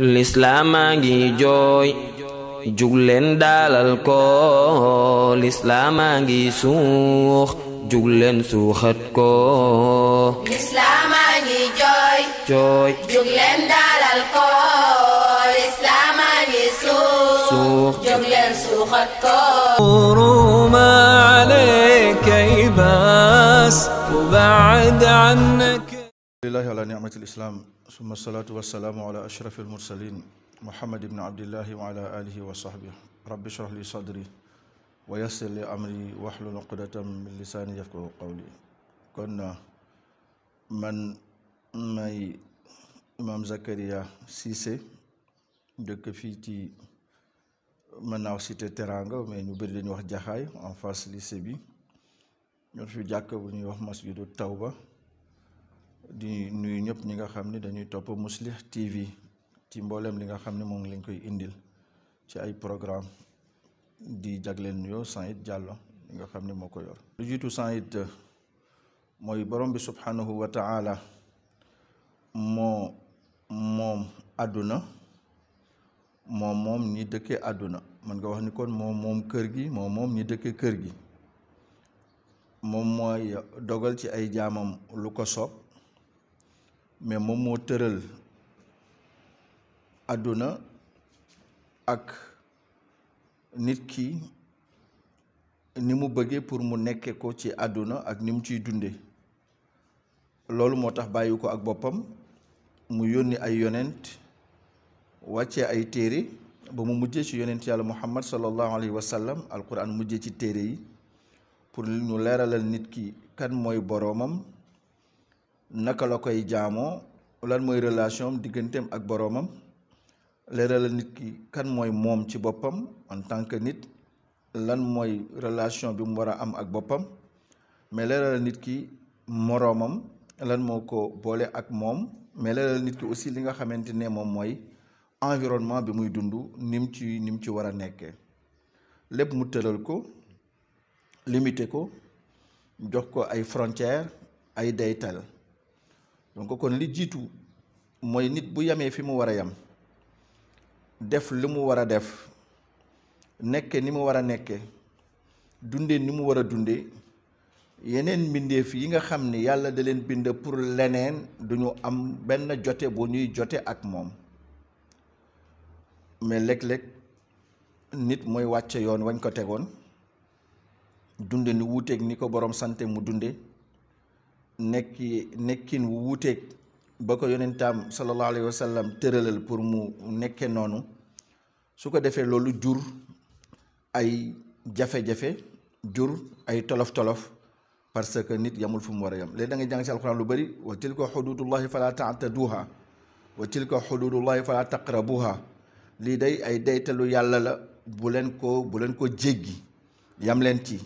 lislaamaa ngi jooy jugleen daalal ko lislaamaa ngi suux jugleen suuxat ko lislaamaa ngi jooy jooy jugleen daalal ko lislaamaa ngi suux suux jugleen suuxat ko ما عليك يباس وبعد عنك lillahi ala nicmati lislam summa alsalaatu walsalaamu ala ashrafi almursalin muhammad ibni abdillahi wa ala wa sahbih rabbi shrah li sadri wa yassir li amri wahlul uqdatan min lisaani yafqahu qawli kon man may imam Zakaria Cissé dëkk fii ci mën naaw cité Teranga mais ñu bëri dañuy wax jaxaay fas face lycée bi ñor fi jàkk bu ñuy wax masjidu tawba di nuyu ñëpp ñi nga xam ni dañuy topp Mouslih TV ci mbooleem li nga xam ne moom lañ koy indil ci ay programme di jagleel nuyoo Saïd jàlloo li nga xam ne moo ko yor lu jiitu it mooy borom bi subhanahu wa taala moo moom àdduna moom moom ñi dëkkee àdduna man nga wax ni kon moom moom kër gi moom moom ñi dëkkee kër gi moom mooy dogal ci ay jaamam lu ko soob mais moom moo tëral àdduna ak nit ki ni mu bëggee pour mu nekke ko ci àdduna ak ni mu ciy dunde loolu moo tax bàyyi ko ak boppam mu yónni ay yonent wàccee ay téere ba mu mujjee ci yonent yàlla muhammad sallallahu alayhi wa sallam alquran mujje ci téere yi pour ñu leeralal nit ki kan mooy boroomam naka la koy jaamoo lan mooy relation digganteem ak boroomam leeralal nit ki kan mooy moom ci boppam en tant que nit lan mooy relation bi mu war a am ak boppam mais leeralal nit ki moroomam lan moo ko boole ak moom mais leeralal nit ki aussi li nga xamante ne moom mooy environnement bi muy dundu nim ci nim ci war a nekkee lépp mu tëlal ko limité ko jox ko ay frontières ay daytal donc kon li jiitu mooy nit bu yamee fi mu war a yam def li mu war a def nekke ni mu war a nekke dunde ni mu war a dunde yeneen mbindeef yi nga xam ni yàlla da leen bind pour leneen duñu am benn jote bu ñuy jote ak moom mais léeg-léeg nit mooy wàcce yoon wañ ko tegoon dunde ni wuuteeg ni ko boroom sante mu dunde nekki nekkin wu wuuteeg ba ko yonentaam sallallahu alayhi wa sallam pour mu nekke noonu su ko defee loolu jur ay jafe-jafe jur ay tolof-tolof parce que nit yamul fu mu war a yam léegi da ngay jàng si alxuraan lu bëri wa tilka xududullahi fala taataduha ko tilka xududullahi fala taqrabuha lii day ay daytalu yàlla la bu leen ko bu leen ko jéggi yam leen ci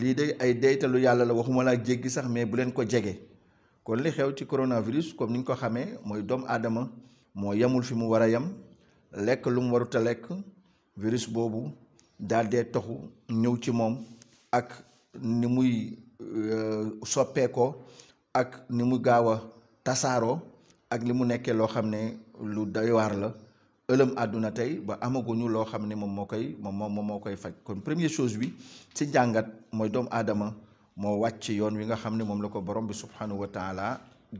lii de ay deytalu yàlla la waxuma laa jéggi sax mais bu leen ko jege kon li xew ci coronavirus comme ni ñu ko xamee mooy doomu aadama moo yemul fi mu war a yem lekk lu mu warut lekk virus boobu daal toxu ñëw ci moom ak ni muy euh, soppeekoo ak ni mu gaaw a tasaaroo ak li mu nekkee loo xam ne lu doy waar la. ëlëm àdduna tey ba amaguñu loo xam ni moom moo koy moom moom moo koy faj kon premier chose bi ci jàngat mooy doomu aadama moo wàcc yoon wi nga xam ne moom la ko borom bi subhanahu wa taala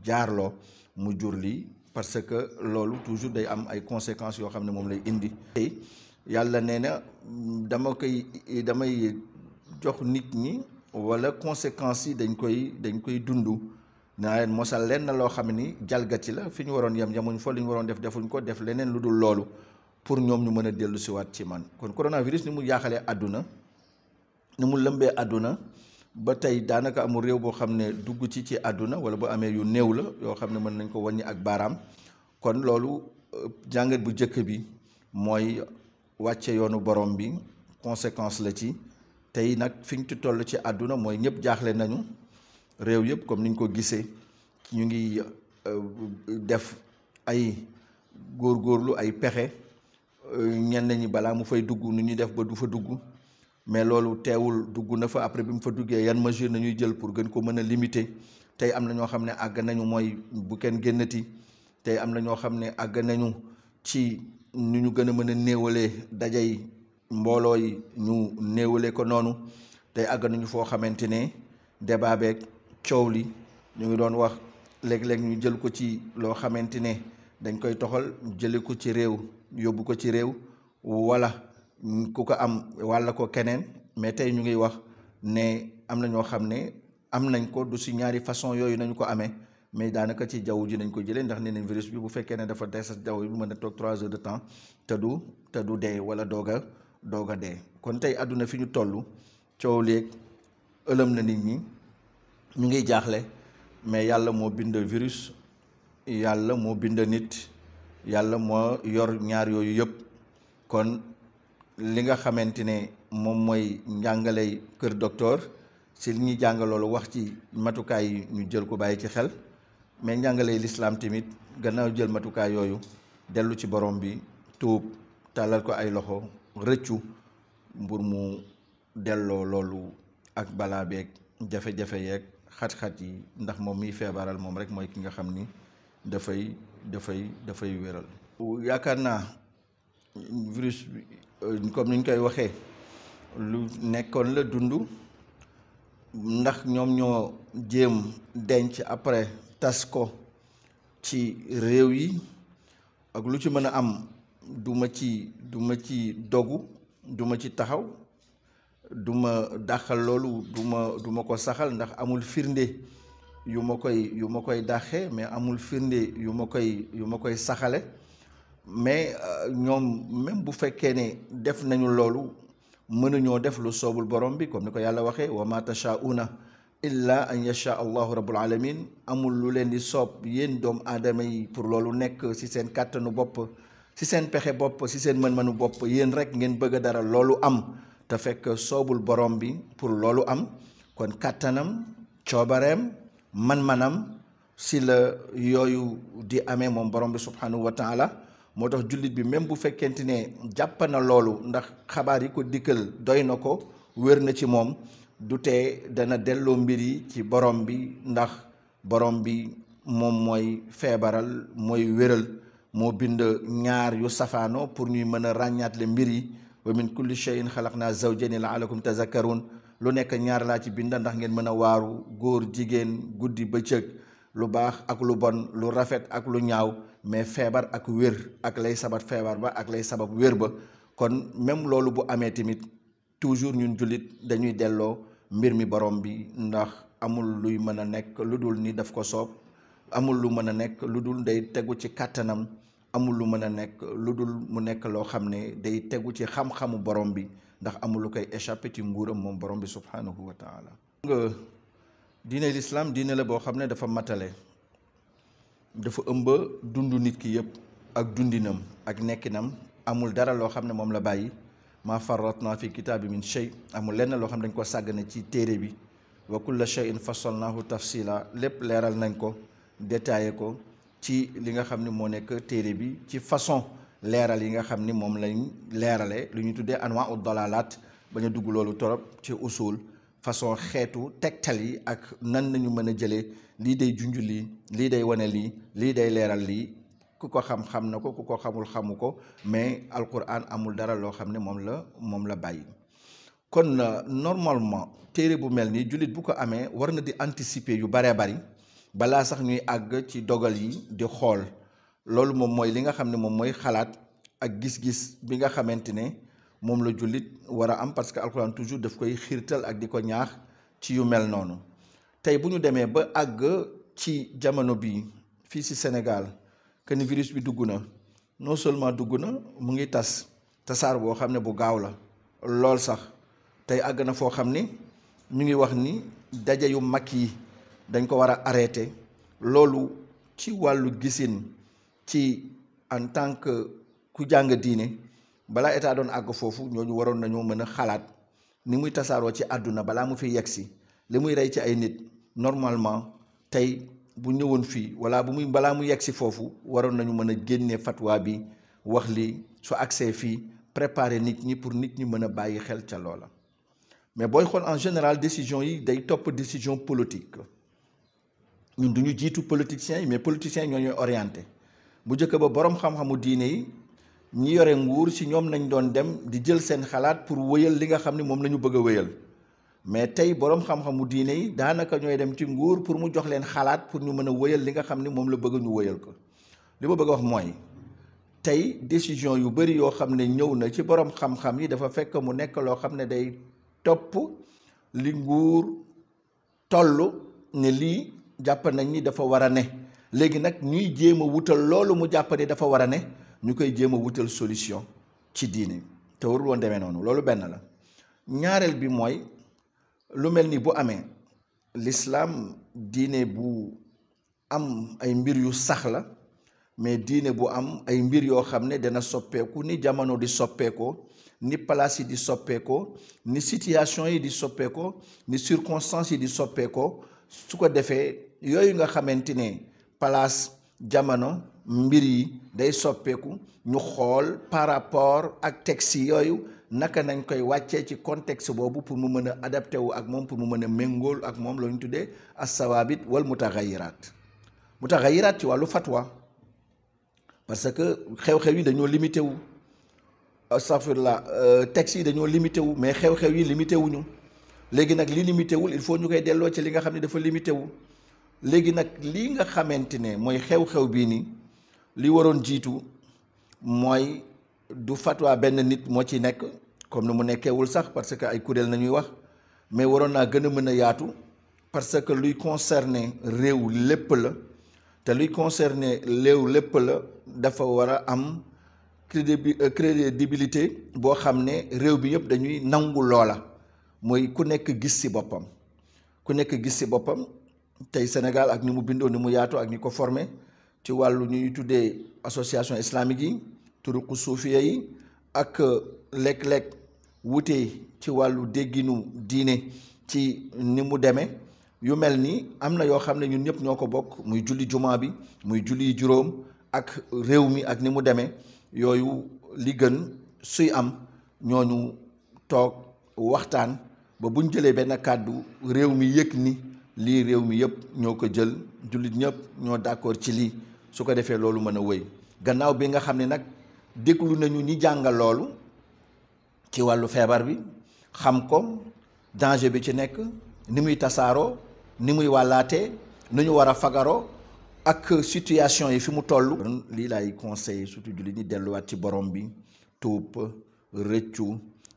jaarloo mu jur li parce que loolu toujours day am ay conséquences yoo xam ne moom lay indi. tey yàlla nee na dama koy damay jox nit ñi wala conséquence yi dañ koy dañ koy dund. naa leen mosal leen loo xam ni jalgati la fi ñu waroon yem yemuñ foo li ñu waroon def defuñ ko def leneen lu dul loolu pour ñoom ñu mën a dellu siwaat ci man kon coronavirus ni mu yaaxalee àdduna ni mu lëmbee àdduna ba tey daanaka amul réew boo xam ne dugg ci ci àdduna wala bu amee yu néew la yoo xam ne mën nañ ko wàññi ak baaraam kon loolu euh, jàngat bu njëkk bi mooy wàcce yoonu borom bi conséquence la ci tey nag fi ñu ci toll ci àdduna mooy ñëpp jaaxle nañu réew yëpp comme ni ñu ko gisee ñu ngi euh, def ay góorlu ay pexe euh, ñenn ñi balaa mu fay dugg nu ñuy def ba du fa dugg mais loolu teewul dugg na fa après bi mu fa duggee yan mesure nañuy jël pour gën ko mën a limiter tey am na ñoo xam ne àgg nañu mooy bu kenn génnati tey am na ñoo xam ne àgg nañu ci nu ñu gën a mën a néewalee dajay mbooloo yi ñu néewalee ko noonu tey àgg nañu foo xamante ne débat beeg coow li ñu ngi doon wax léeg-léeg ñu jël ko ci loo xamante ne dañ koy toxal jëlee ko ci réew yóbbu ko ci réew wala ku ko am wala ko keneen mais tey ñu ngi wax ne am na ñoo xam ne am nañ ko du si ñaari façon yooyu nañu ko amee mais daanaka ci jaww ji nañ ko jëlee ndax nee nañ virus bi bu fekkee ne dafa des jaww ji mën a toog trois heures de temps te du te du dee wala doog a doog a dee kon tey àdduna fi ñu toll coow léeg ëlëm na nit ñi ñu ngi jaaxle mais yàlla moo bind virus yàlla moo bind nit yàlla moo yor ñaar yooyu yëpp kon li nga xamante ne moom mooy njàngale kër docteur si li ñuy jàng loolu wax ci matukaay yi ñu jël ko bàyyi ci xel mais njàngale lislaam tamit gannaaw jël matukaay yooyu dellu ci borom bi tuub tàllal ko ay loxo rëccu mbur mu delloo loolu ak balaa beeg jafe-jafe yeeg xat-xat yi ndax moom miy feebaral moom rek mooy ki nga xam ni dafay dafay dafay wéral yaakaar naa virus bi euh, comme ni ñu koy waxee lu nekkoon la dund ndax ñoom ñoo jéem denc après tas ko ci réew yi ak lu ci mën a am duma ci duma ci dogu duma ci taxaw du ma dàqal loolu du ma du ma ko saxal ndax amul firnde yu ma koy yu ma koy dàqee mais amul firnde yu ma koy yu ma koy saxale mais euh, ñoom même bu fekkee ne def nañu loolu mënuñoo def lu soobul borom bi comme ni ko yàlla waxee wa ma tashauna illa an yasha allahu rabbul alamin amul lu leen di soob yéen doomu aadama yi pour loolu nekk ci seen kàttanu bopp ci seen pexe bopp ci seen mën manu bopp yéen rek ngeen bëgg dara loolu am te fekk soobul borom bi pour loolu am kon kàttanam coobareem man-manam si la yooyu di amee moom borom bi subhanahu wa taala moo tax jullit bi même bu fekkente ne jàpp na loolu ndax xabaar yi ko dikkal doy na ko wér na ci moom du tee dana delloo mbir yi ci borom bi ndax borom bi moom mooy feebaral mooy wéral moo bind ñaar yu safaanoo pour ñuy mën a ràññaatle mbir yi wa min kulli shay'in xalaqna zawjayni la'allakum tazakkarun lu nekk ñaar laa ci binda ndax ngeen mën a waaru góor jigéen guddi bëccëg lu baax ak lu bon lu rafet ak lu ñaaw mais feebar ak wér ak lay sabat feebar ba ak lay sabab wér ba kon même loolu bu amee tamit toujours ñun jullit dañuy delloo mbir mi borom bi ndax amul luy mën a nekk lu dul ni daf ko soob amul lu mën a nekk lu dul day tegu ci kàttanam amul lu mën a nekk lu dul mu nekk loo xam ne day tegu ci xam-xamu borom bi ndax amul lu koy échappé ci nguuram moom borom bi subhanahu wa taala nga diine lislaam diine la boo xam ne dafa matale dafa ëmba dund nit ki yëpp ak dundinam ak nekkinam amul dara loo xam ne moom la bàyyi ma farratna fi kitaabi min shay amul lenn loo xam ne dañ ko sàggane ci téere bi la wa kulla shayin fasalnahu tafsila lépp leeral nañ ko détaillé ko ci li nga xam ni moo nekk téere bi ci façon leeral yi nga xam ni moom lañ leerale lu ñu tuddee anwaa ut dalaalaat bañ dugg loolu torop ci usul façon xeetu tegtal yi ak nan nañu mën a jëlee lii dey junju lii lii day wane lii lii day leeral lii ku ko xam-xam na ko ku ko xamul xamu ko mais alquran amul dara loo xam ne moom la moom la bàyyi kon euh, normalement téere bu mel nii jullit bu ko amee war na di anticiper yu baree bari balaa sax ñuy àgg ci dogal yi di xool loolu moom mooy li nga xam ne moom mooy xalaat ak gis-gis bi nga xamante ne moom la jullit war a am parce que alxuraan toujours daf koy xiirtal ak di ko ñaax ci yu mel noonu tey bu ñu demee ba àgg ci jamono bi fii ci Sénégal kenn ni virus bi dugg na non seulement dugg na mu ngi tas tasaar boo xam ne bu gaaw la lool sax tey àgg na foo xam ne ñu ngi wax ni daje yu mag yi. dañ ko war a arrêté loolu ci wàllu gisin ci en tant que ku jàng diine balaa état doon àgg foofu ñoo ñu waroon nañoo mën a xalaat ni muy tasaaroo ci àdduna balaa mu fi yegsi li muy rey ci ay nit normalement tey bu ñëwoon fii wala bu muy balaa mu yegsi foofu waroon nañu mën a génne fatwa bi wax li su agsee fii préparer nit ñi pour nit ñi mën a bàyyi xel ca loola mais booy xool en général décision yi day topp décision politique ñun du ñu jiitu politiciens yi mais politiciens yi ñoo ñuy orienté bu njëkk ba borom xam-xamu diine yi ñi yore nguur si ñoom nañ doon dem di jël seen xalaat pour wéyal li nga xam ne moom la ñu bëgg a wéyal mais tey borom xam-xamu diine yi daanaka ñooy dem ci nguur pour mu jox leen xalaat pour ñu mën a wéyal li nga xam ne moom la bëgg ñu wéyal ko li ma bëgg a wax mooy tey décision yu bëri yoo xam ne ñëw na ci borom xam-xam yi dafa fekk mu nekk loo xam ne day topp li nguur toll ne lii. jàpp nañ ni dafa war a ne léegi nag ñuy jéem a wutal loolu mu jàpp dafa war a ne ñu koy jéem a wutal solution ci diine te warul woon demee noonu loolu benn la ñaareel bi mooy lu mel ni bu amee lislaam diine bu am ay mbir yu sax la mais diine bu am ay mbir yoo xam ne dana soppeeku ni jamono di soppeekoo ni palaas yi di soppeekoo ni situation yi di soppeekoo ni circonstances yi di soppeekoo su ko defee yooyu nga xamante ne place jamono mbir yi day soppeeku ñu xool par rapport ak texte yooyu naka nañ koy wàccee ci contexte boobu pour mu mën a adapté wu ak moom pour mu mën a méngool ak moom la ñu tuddee a assawaabit wal mutaxayiraat mutaxayiraat ci wàllu fatwa parce que xew-xew yi dañoo limité wu astafirlah euh, texte yi dañoo limité wu mais xew-xew yi limité wuñu léegi nag li limité wul il faut ñu koy delloo ci li nga xam ne dafa limité wu léegi nag lii nga xamante ne mooy xew-xew bii nii li waroon jiitu mooy du fatwaa benn nit moo ci nekk comme ni mu nekkewul sax parce que ay kuréel nañuy wax mais waroon naa gën a mën a yaatu parce que luy concerner réew lépp la te luy concerner réew lépp la dafa war a am euh, crédibilité boo xam ne réew bi yëpp dañuy nangu loola mooy ku nekk gis ci boppam ku nekk gis ci boppam tey Sénégal ak ni mu bindoo ni mu yaatu ak ni ko formé ci wàllu ñuy tuddee association islamique yi turuqu suufiya yi ak euh, léeg-léeg wute ci wàllu dégginu diine ci ni mu demee yu mel ni am na yoo xam ne ñun ñëpp ñoo ko bokk muy julli jumaa bi muy julli juróom ak réew mi ak ni mu demee yooyu li gën suy am ñooñu toog waxtaan ba buñ jëlee benn kàddu réew mi yëg ni lii réew mi yëpp ñoo ko jël jullit ñëpp ñoo d'accord ci lii su ko defee loolu mën a wéy gannaaw bi nga xam ne nag déglu nañu ñi jàngal loolu ci wàllu feebar bi xam ko danger bi ci nekk ni muy tasaaroo ni muy wàllaatee nu ñu war a fagaroo ak situation yi fi mu toll. lii laay conseillé surtout jullit ñi delluwaat ci borom bi tuub rëccu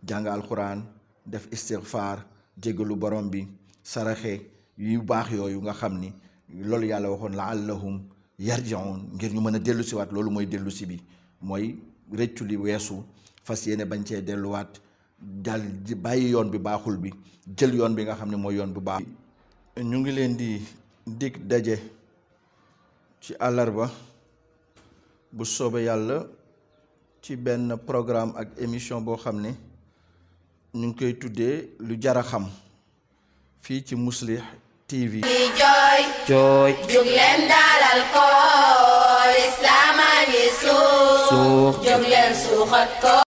jàng alxuraan def istigfaar jégalu borom bi saraxe. yu baax yooyu nga xam ni loolu yàlla waxoon laallahum yarjiun ngir ñu mën a dellu siwaat loolu mooy dellu si bi mooy rëccu li weesu fas yéene bañ cee delluwaat dal bàyyi yoon bi baaxul bi jël yoon bi nga xam ne mooy yoon bu baax ñu ngi leen di dig daje ci àllarba bu soobee yàlla ci benn programme ak émission boo xam ne ñu ngi koy tuddee lu jar a xam fii ci musli TV. di jooy. jooy. jug leen dalal ko. islaama ngi suux. suux jug leen suuxat ko.